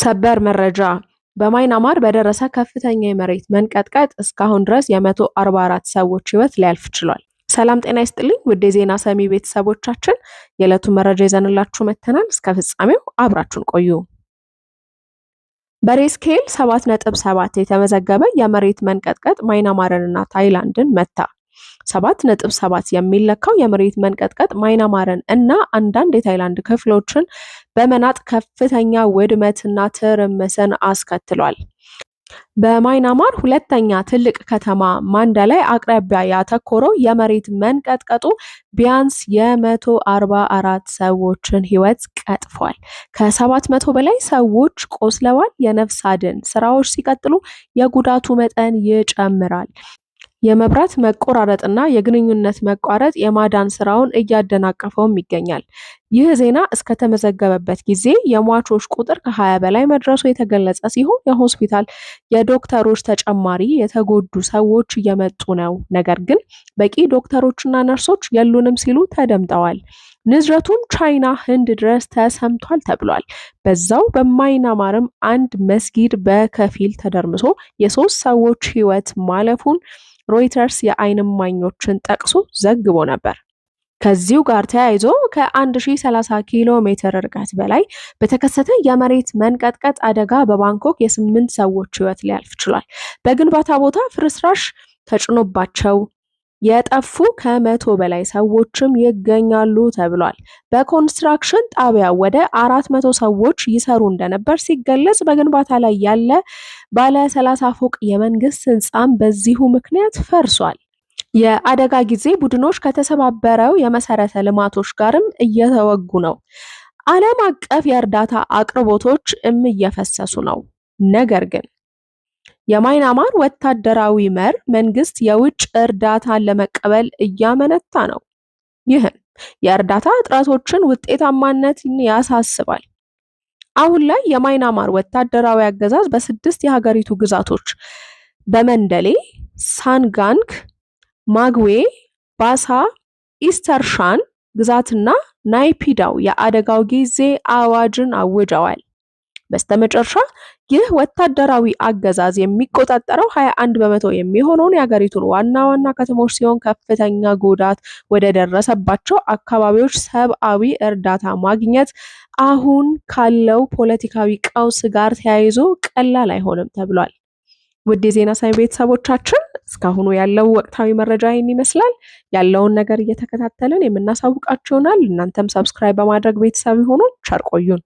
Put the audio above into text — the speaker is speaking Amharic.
ሰበር መረጃ በማይናማር በደረሰ ከፍተኛ የመሬት መንቀጥቀጥ እስካሁን ድረስ የ144 ሰዎች ህይወት ሊያልፍ ችሏል። ሰላም ጤና ይስጥልኝ ውድ የዜና ሰሚ ቤተሰቦቻችን፣ የዕለቱን መረጃ ይዘንላችሁ መተናል። እስከ ፍጻሜው አብራችሁን ቆዩ። በሬስኬል 7.7 የተመዘገበ የመሬት መንቀጥቀጥ ማይናማርንና ታይላንድን መታ። ሰባት ነጥብ ሰባት የሚለካው የመሬት መንቀጥቀጥ ማይናማርን እና አንዳንድ የታይላንድ ክፍሎችን በመናጥ ከፍተኛ ውድመትና ትርምስን አስከትሏል። በማይናማር ሁለተኛ ትልቅ ከተማ ላይ አቅራቢያ ያተኮረው የመሬት መንቀጥቀጡ ቢያንስ የመቶ አርባ አራት ሰዎችን ሕይወት ቀጥፏል። ከሰባት መቶ በላይ ሰዎች ቆስለዋል። የነፍስ አድን ስራዎች ሲቀጥሉ የጉዳቱ መጠን ይጨምራል። የመብራት መቆራረጥና የግንኙነት መቋረጥ የማዳን ስራውን እያደናቀፈውም ይገኛል። ይህ ዜና እስከተመዘገበበት ጊዜ የሟቾች ቁጥር ከ20 በላይ መድረሱ የተገለጸ ሲሆን የሆስፒታል የዶክተሮች ተጨማሪ የተጎዱ ሰዎች እየመጡ ነው፣ ነገር ግን በቂ ዶክተሮችና ነርሶች የሉንም ሲሉ ተደምጠዋል። ንዝረቱም ቻይና ህንድ ድረስ ተሰምቷል ተብሏል። በዛው በማይናማርም አንድ መስጊድ በከፊል ተደርምሶ የሶስት ሰዎች ህይወት ማለፉን ሮይተርስ የዓይን እማኞችን ጠቅሶ ዘግቦ ነበር። ከዚሁ ጋር ተያይዞ ከ1030 ኪሎ ሜትር ርቀት በላይ በተከሰተ የመሬት መንቀጥቀጥ አደጋ በባንኮክ የስምንት ሰዎች ህይወት ሊያልፍ ችሏል። በግንባታ ቦታ ፍርስራሽ ተጭኖባቸው የጠፉ ከመቶ በላይ ሰዎችም ይገኛሉ ተብሏል። በኮንስትራክሽን ጣቢያ ወደ አራት መቶ ሰዎች ይሰሩ እንደነበር ሲገለጽ በግንባታ ላይ ያለ ባለ ሰላሳ ፎቅ የመንግስት ህንፃም በዚሁ ምክንያት ፈርሷል። የአደጋ ጊዜ ቡድኖች ከተሰባበረው የመሰረተ ልማቶች ጋርም እየተወጉ ነው። ዓለም አቀፍ የእርዳታ አቅርቦቶችም እየፈሰሱ ነው። ነገር ግን የማይናማር ወታደራዊ መር መንግስት የውጭ እርዳታን ለመቀበል እያመነታ ነው። ይህም የእርዳታ ጥራቶችን ውጤታማነትን ያሳስባል። አሁን ላይ የማይናማር ወታደራዊ አገዛዝ በስድስት የሀገሪቱ ግዛቶች በመንደሌ፣ ሳንጋንግ፣ ማግዌ፣ ባሳ፣ ኢስተርሻን ግዛትና ናይፒዳው የአደጋው ጊዜ አዋጅን አውጀዋል። በስተመጨረሻ ይህ ወታደራዊ አገዛዝ የሚቆጣጠረው 21 በመቶ የሚሆነውን የሀገሪቱን ዋና ዋና ከተሞች ሲሆን ከፍተኛ ጉዳት ወደ ደረሰባቸው አካባቢዎች ሰብአዊ እርዳታ ማግኘት አሁን ካለው ፖለቲካዊ ቀውስ ጋር ተያይዞ ቀላል አይሆንም ተብሏል። ውድ የዜና ሳይ ቤተሰቦቻችን እስካሁኑ ያለው ወቅታዊ መረጃ ይህን ይመስላል። ያለውን ነገር እየተከታተልን የምናሳውቃችሁ ይሆናል። እናንተም ሰብስክራይብ በማድረግ ቤተሰብ ይሆኑ። ቸር ቆዩን።